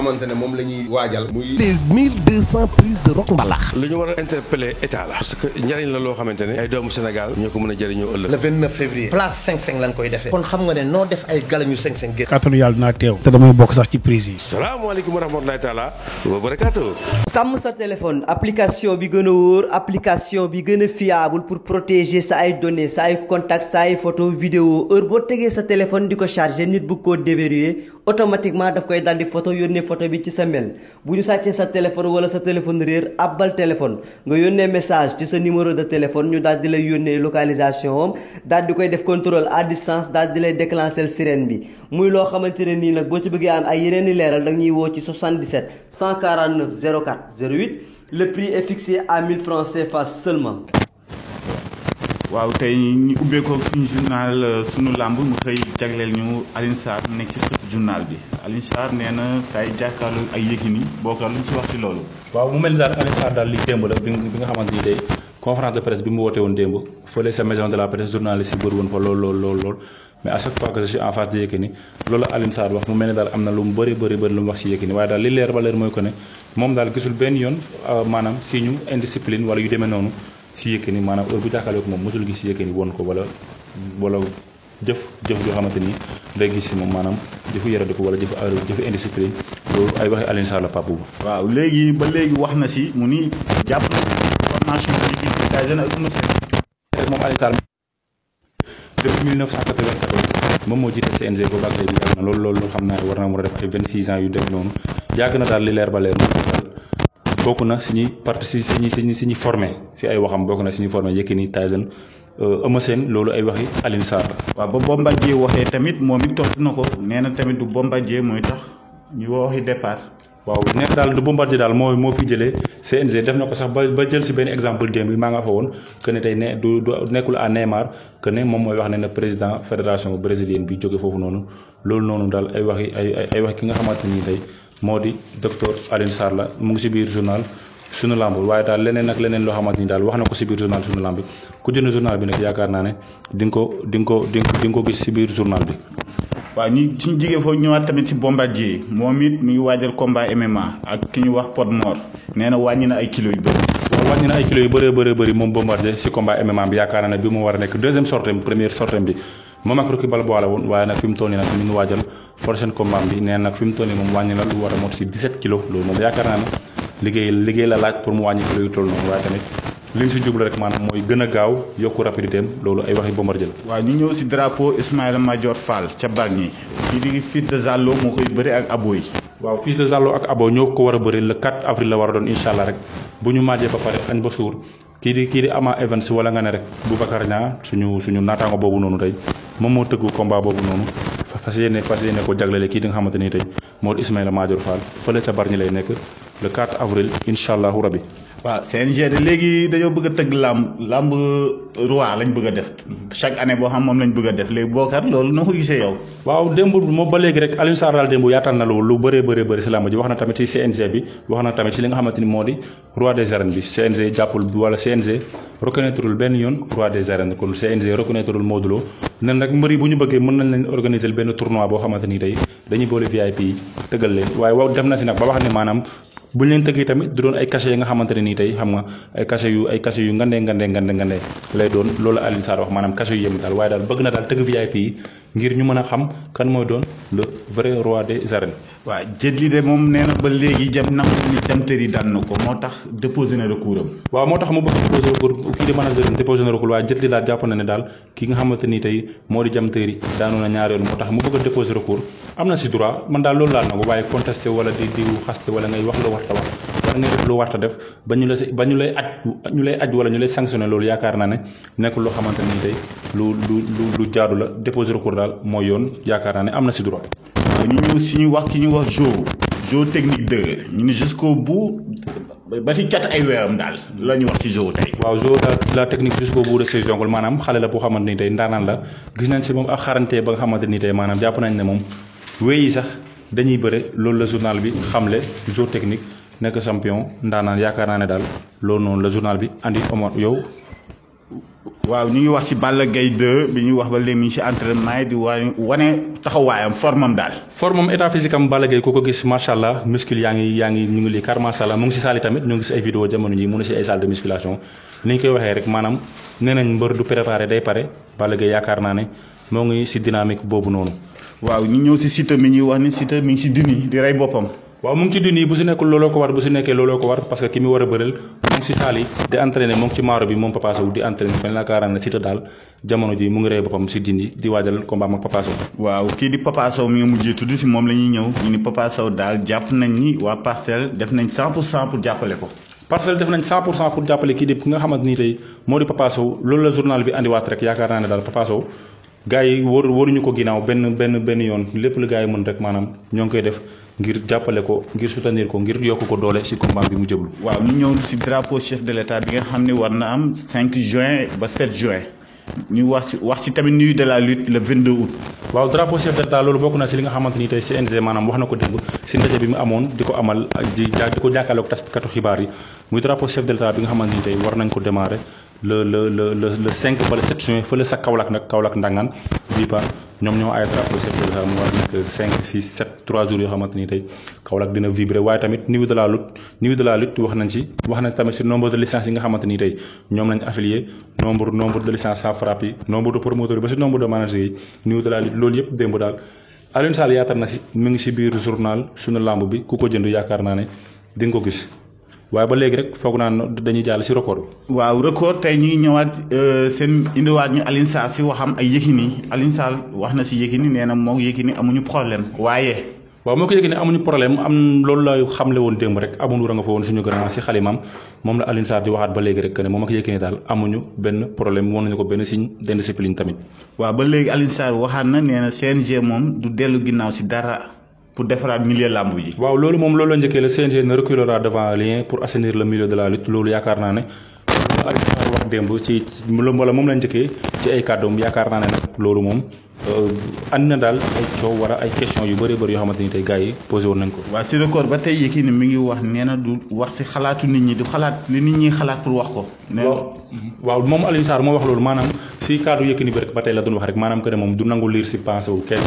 xamante ne moom la ñuy waajal. muy les mille deux cent prises de rock mbalax. lu ñu war a interpeller état la. parce que njëriñ la loo xamante ne. ay doomu Sénégal ñoo ko mën a jëriñoo ëllëg. le février. place 5 koy defee. kon xam nga ne noo def ay galañu 5-5 génn. kàttanu yàlla dinaa teew. te damay bokk sax ci prise yi. salaamaaleykum wa rahmatulahi a application bi gën a pour protéger sa ay données sa ay contacts sa ay photos vidéo heure boo tegee sa téléphone di ko chargé photo bi ci sa mail bu ñu sàccee sa téléphone wala sa téléphone réer abbal téléphone nga yónnee message ci sa numéro de téléphone ñu daal lay yónnee localisation am di koy def contrôle à distance daal di lay déclencher sirène bi muy loo xamante ne nii nag boo ci bëggee am ay yeneen leeral da ñuy woo ci 77 149 04 08 le prix est fixé à 1000 francs CFA seulement waaw tey ñu ubbeekoo suñu journal euh, suñu làmb mu xëy jagleel ñu Alioune Sarr mu nekk ci xët journal bi Alioune Sarr nee na saa yi jàkkaarloo ak Yékini bokkal luñ ci wax ci loolu. waaw mu mel ni daal Alioune daal li démb la bi nga xamante ni day conférence de presse bi mu woote woon démb fële sa maison de la presse journaliste yi woon fa lool lool lool lool. mais à chaque fois que je de Yékini loolu Alioune wax mu mel ne daal am na lu mu bëri bëri bëri lu mu wax si Yékini waaye daal li moom daal gisul benn yoon euh, maanaam si ñu indiscipline wala yu demee noonu si Yékini maanaam heure bu jàkkaarloo ko moom mosul gis Yékini won ko wala wala jëf jëf joo xamante ni day si moom maanaam jëfu yaradiku wala jëfu jëfu indiscipline loolu ay waxi Alioune Sarr la Pape waaw léegi ba léegi wax na si mu jàpp na formation liggéey bi na seen rek moom Alioune Sarr depuis 1994 moom moo jiite CNG boobu ak léegi yàgg na loolu loolu xam naa war naa mën a def ay 26 ans yu def noonu yàgg na daal li leer ba leer bokk na si ñuy part si si ñuy si ñuy formé si ay waxam bokk na si ñuy formé Yékini Tyson euh, Eumeu Sène loolu ay waxi Alioune Sarr. waaw ba Bombardier waxee tamit moom it tontu na ko nee na tamit du Bombardier ñu waxi départ. waaw nekk daal du daal moo moo fi jëlee CNG def na ko sax ba ba jël si benn exemple démb bi maa nga fa woon que ne tey ne nekkul à Neymar ne moom mooy wax ne na président fédération brésilienne bi jóge foofu noonu loolu noonu daal ay waxi ay ay wax ki nga xamante ni tey. moo di docteur Alioune Sarr la mu ngi si biir journal sunu làmb waaye daal leneen ak leneen loo xamante ni daal wax na ko si biir journal sunu làmb ku jënd journal bi nag yaakaar naa ne di ko dinga ko di nga ko gis si biir journal bi. waaw ñu suñu jigee foofu ñëwaat tamit si Bombardier moom it mu ngi waajal combat MMA ak ki ñu wax Pod Mor nee na wàññi na ay kilos yu bëri. waaw wàññi na ay kilos yu bëree bëri bëri moom Bombardier si combat MMA yaakaar naa ne bi mu moom ak Rocky Balboa woon waaye nag fi mu toll nii nag ñu ngi waajal prochaine combat bi nee nag fi mu toll nii moom wàññi la lu war a mot si 17 kilos loolu moom yaakaar naa ne liggéey liggéey la laaj pour mu wàññi kilo yu toll noonu waaye tamit li si jublu rek maanaam mooy gën a gaaw yokku rapidité am loolu ay waxi Bombardier la. waaw ñu ñëw si drapeau Ismaïla Madior Fall ca Bargny. kii di fils de Zallo moo koy bëri ak Aboy. waaw fils de Zallo ak Aboy ñoo ko war a bëri le 4 avril la war a doon incha allah rek bu ñu maajee ba pare añ ba suur kii di kii di Ama Evans wala nga ne rek Boubacar Niang suñu suñu naataango boobu noonu tey moom moo tëggu combat boobu noonu fas yéene fas yéene ko jaglele kii di nga xamante ni tey moo di Ismaïla Madior Fall fële ca Bargny lay nekk le 4 avril incha allahu rabi. waaw CNG de léegi dañoo bëgg a tëgg làmb làmb roi lañ bëgg def chaque année boo xam moom lañ bëgg a def léegi bookar loolu noo ko moom ba léegi rek Alioune Sarr na loolu lu bëree bëree bëri si làmb ji wax na tamit si CNG bi wax ni moo di roi des arènes bi CNG jàppul wala benn yoon roi des arènes kon CNG reconnaîtreul Modou Lo nen nag mbër yi bu ñu bëggee mën nañ leen organiser benn tournoi boo xamante ni tey dañuy boole VIP yi waaye waaw dem na si nag ba wax ne maanaam buñ leen tëggee tamit du doon ay cachet yi nga xamante ne nii tey xam nga ay cachet yu ay cachet yu ngandee yi ngir ñu a xam kan na ba léegi jam nam na ko moo tax déposé na recours moo tax mu bëgg déposé di manager am déposé moo tax mu bëgg a déposé recours am na si droit man daal loolu laal na ko waaye contesté wala di di xaste wala ngay wax la warta wax wala ngay def lu warta def ba ñu la ba ñu lay aj ñu lay aj wala ñu lay sanctionné loolu yaakaar naa ne nekkul loo xamante ni tey lu lu lu jaadu la déposer recours daal mooy yoon yaakaar naa ne am na si droit. ñu ñëw si ñu wax ki ñu wax jo jo technique 2 ñu ni jusqu'au bout ba si cat ay weeram daal la ñu wax si jo tey. waaw jo daal la technique jusqu'au bout de ses maanaam xale la boo xamante ni tey ndaanaan la gis nañ si moom ak xarante ba nga xamante ni tey maanaam jàpp nañ ne moom sax. dañuy bëre loolu la journal bi xamle jour technique nekk champion ndaanaan yaakaar naa ne daal loolu noonu la journal bi andi Omar yow. waaw ñu ngi wax ci Balla Gaye 2 bi ñuy wax ba léegi ñu ci entraînement yi di wane taxawaayam formam daal. formam état physique am Balla Gaye ku ko gis macha allah muscle yaa ngi yaa ngi ñu ngi lii car macha allah mu ngi ci saali tamit ñu ngi gis ay vidéo jamono ji mu ngi ci ay salle de musculation ni ñu koy waxee rek maanaam nee nañ mbër du préparé day pare Balla Gaye yaakaar naa ne moo ngi si dynamique boobu noonu. waaw ñu ñëw si Siteu mi ñuy wax ni Siteu mi si duni di rey boppam. waaw mu ngi ci duni bu si nekkul looloo ko war bu si nekkee looloo ko war parce a bëreel mu ngi si saal yi di entraîné mu ngi ci maaro bi moom Papa Sow di entraîné mel moom la ñuy ñëw ñu ni Papa Sow daal jàpp nañ ni waa parcelle def nañ 100 pour jàppale ko. parcelle def nañ 100 pour jàppale kii di ki nga xamante ni tey moo di Papa Sow loolu la journal bi andiwaat rek yaakaar naa ne daal Papa gars yi war waruñu ko ginnaaw benn benn benn yoon lépp lu gaa yi mën rek maanaam ñoo ngi koy def ngir jàppale ko ngir soutenir ko ngir yokk ko doole si combat bi mu jëblu waaw ñu ñëw si drapeau chef de l'état bi nga xam ne war na am 5 juin ba 7 juin. ñu wax ci wax ci tamit nuyu de la lutte le 22 août. waaw drapeau chef d' état loolu bokk na si li nga xamante ni tey CNG maanaam wax na ko démb si ndaje bi mu amoon di ko amal di di ko jàkkaarloog taskatu xibaar yi muy drapeau chef de l' état bi nga xamante ni tey war nañ ko rek le le le le le 5 ba le 7 juin fële sa Kaolack nag Kaolack Ndangaan bii ba ñoom ñoo ay drapeau chef de l'État mu war jours yoo xamante ni tey Kaolack dina vibrer waaye tamit niveau de la lutte niveau de la lutte wax nañ ci wax nañ tamit ci nombre de licences yi nga xamante ni tey ñoom lañ affilié nombre nombre de licences sans frappe yi nombre de promoteurs yi ba ci nombre de managers yi niveau de la lutte loolu yëpp démb daal Alioune Sall yaatal na ci mu ngi ci biir journal suñu làmb bi ku ko jënd yaakaar ne di nga waaye ba léegi rek foog naan dañuy jàll si record bi. waaw record tey ñuy ñëwaat euh, seen indiwaat ñu Alioune Sarr si waxam ay Yékini Alioune Sarr wax na si Yékini nee na moo Yékini amuñu problème waaye. waaw moo ko yëg ne amuñu problème am loolu laay xamle woon démb rek amul war a nga fa suñu grand si xalimaam moom la Alioune Sarr di waxaat ba léegi rek que ne moom ak yëg ne daal amuñu benn problème woon nañu ko benn signe d'indiscipline tamit. waaw ba léegi Alioune Sarr waxaat na nee na CNG moom du dellu ginnaaw si dara. pour defaraat milieu làmb yi waaw loolu moom loolu la njëkkee le CNG ne reculera devant rien pour assainir le milieu de la lutte loolu yaakaar naa ne Alioune Sarr moom la njëkkee ay kàddoom yaakaar naa ne loolu moom ànd euh, na daal ay coow wala ay question yu bare bëri yoo xamante ni tey gars yi posé woon nañ ko. waaw ci record ba tey Yékini mi ngi wax nee na wax ci xalaatu nit ñi du xalaat li nit ñi xalaat pour wax ko. nee waaw moom Alioune Sarr wax loolu maanaam si kàddu Yékini bi rek ba tey la doon wax rek maanaam que moom du nangu liir si pensé kenn.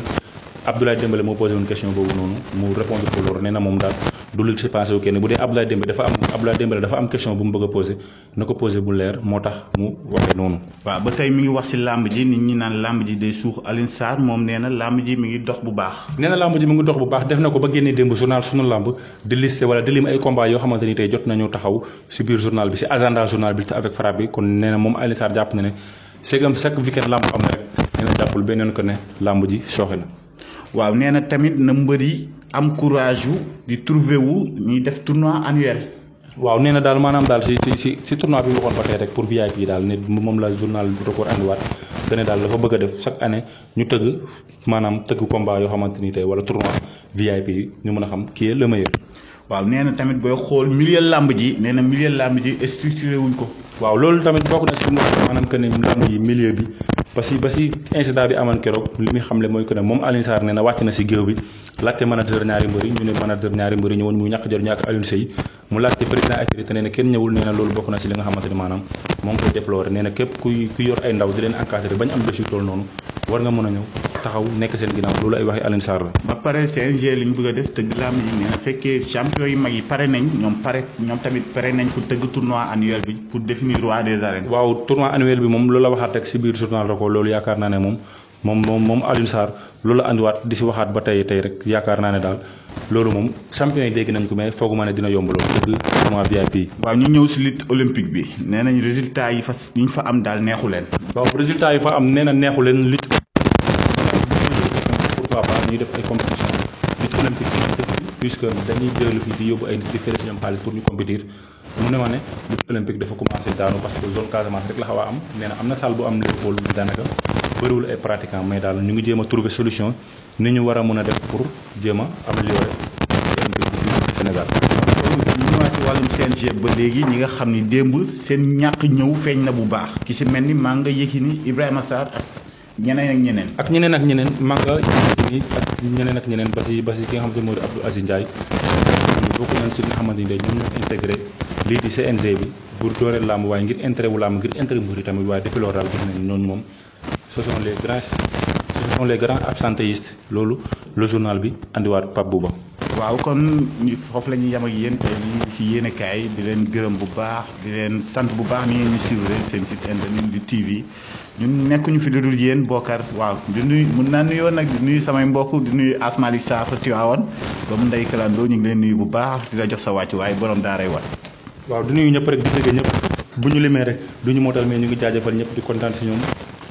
Abdoulaye Dembélé moo posé woon question boobu noonu mu répondre ko loolu nee moom daal du lu ci passé wu kenn bu dee Abdoulaye Dembélé dafa am Abdoulaye Dembélé dafa am question bu mu bëgg a posé na ko posé bu leer moo tax mu waxee noonu. waaw ba tey mi ngi wax ci làmb ji nit ñi naan làmb ji day suux Alioune Sarr moom nee na làmb ji mi ngi dox bu baax. nee na làmb ji mi ngi dox bu baax def na ko ba génnee démb journal sunu làmb di listé wala di lim ay combat ni tey jot nañu taxaw ci biir journal bi ci agenda journal bi te avec nee na moom Alioune Sarr jàpp na ne c'est comme chaque ne làmb ji sooxe na waaw nee na tamit na mbëri am courage wu di trouver wu ñuy def tournoi annuel. waaw nee na daal maanaam daal si si si si tournoi bi waxoon ba tey rek pour VIP yi daal ne moom la journal bu record andiwaat dane daal dafa bëgg a def chaque année ñu tëgg maanaam tëgg combat yoo xamante ni tey wala tournoi VIP yi ñu mën a xam qui la le waaw nee tamit booy xool milieu làmb ji nee na milieu làmb ji structuré wuñ ko. waaw loolu tamit bokk na si moom maanaam que ne làmb yi milieu bi ba si ba si incident bi amoon keroog li muy xamle mooy que ne moom Alioune Sarr nee na wàcc na si géew bi laajte manager ñaari mbër ñu ne manager ñaari mbër yi ñëwoon muy ñàkk jor ñàkk Alioune Seye mu laajte président activité nee na kenn ñëwul nee na loolu bokk na si li nga xamante ne maanaam moo ngi koy déploré nee na képp kuy kuy war nga mën a ñëw taxaw nekk seen ginnaaw loolu ay waxi Alioune Sarr la. ba pare CNG li ñu bëgg a def tëgg làmb yi nee na fekkee champion yu mag yi pare nañ ñoom pare ñoom tamit pare nañ pour tëgg tournoi annuel bi pour définir roi des arènes. waaw tournoi annuel bi moom loolu la waxaat rek si biir journal Record loolu yaakaar naa ne moom moom moom moom Alioune loolu la andiwaat di si waxaat ba tey tey rek yaakaar naa ne daal loolu moom champion yi dégg nañ ko mais fooguma ne dina yomb bi nee nañ résultat yi fa yi ñu fa am daal neexu leen. pourquoi pas def ay compétition lutte olympique fii dëkk bi puisque dañuy jël fii di yóbbu ay di fële xaalis pour ñu compétir mu ne ma ne lutte olympique dafa commencé daanu parce que zone Casamance rek la xaw a am nee na am na salle bu am Léopold daanaka bëriwul ay pratiquants mais daal ñu ngi jéem a trouver solution ni ñu war a mën a def pour jéem a améliorer olympique bi fii Sénégal. ci wàllum nga xam ni démb seen ñàkk ñëw feeñ na bu baax ki si mel ni ñeneen ak ñeneen. ak ñeneen ak ñeneen Manga yi ak ñeneen ak ñeneen ba si ba si ki nga xamante ne moo di Abdou Aziz Ndiaye bokk nañ ci li nga xamante ñu ñoom ñoo intégré lii di CNG bi pour dooleel làmb waaye ngir intérêt wu làmb ngir intérêt mbir yi tamit waaye depuis loolu daal gis moom ce sont les grands ce sont les grands absentéistes loolu le journal bi andiwaat Pape ba waaw kon foofu la ñuy yem ak yéen tey li si yéen di leen gërëm bu baax di leen sant bu baax ni ngeen ñu suivre seen site internet di TV ñun nekkuñu fi lu dul yéen bokkar waaw di nuyu mun naa nuyoo nag di nuyu samay mbokk di nuyu Asmali Sarr sa Tiwaawan doomu ndey kalandoo ñu ngi leen nuyu bu baax di la jox sa wàccu waaye daa daaray wat waaw di nuyu ñëpp rek di bëgg ñëpp bu ñu limee rek du ñu mootal mais ñu ngi jaajëfal ñëpp di kontaan si ñoom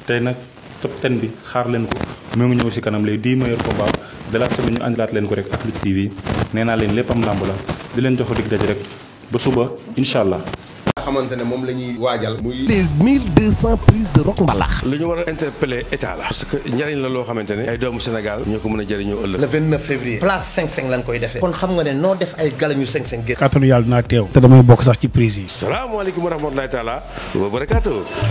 te nag top ten bi xaar leen ko moo ngi ñëw si kanam lay dix de la semaine ñu leen ko rek ak Lutte TV nee naa leen la di leen jox ba suba incha allah. nga xamante ne moom la ñuy waajal. muy les 1200 prises ñu war a interpeller état la. parce que njëriñ la loo xamante ne. ay doomu Sénégal ñoo ko mën a jëriñoo ëllëg. le 29 février. place 5-5 lañ koy defee. kon xam nga ne noo def ay galañu 5-5 génn. kàttanu yàlla dinaa teew. te damay bokk sax ci prise yi. salaamaaleykum wa rahmatulahi taala wa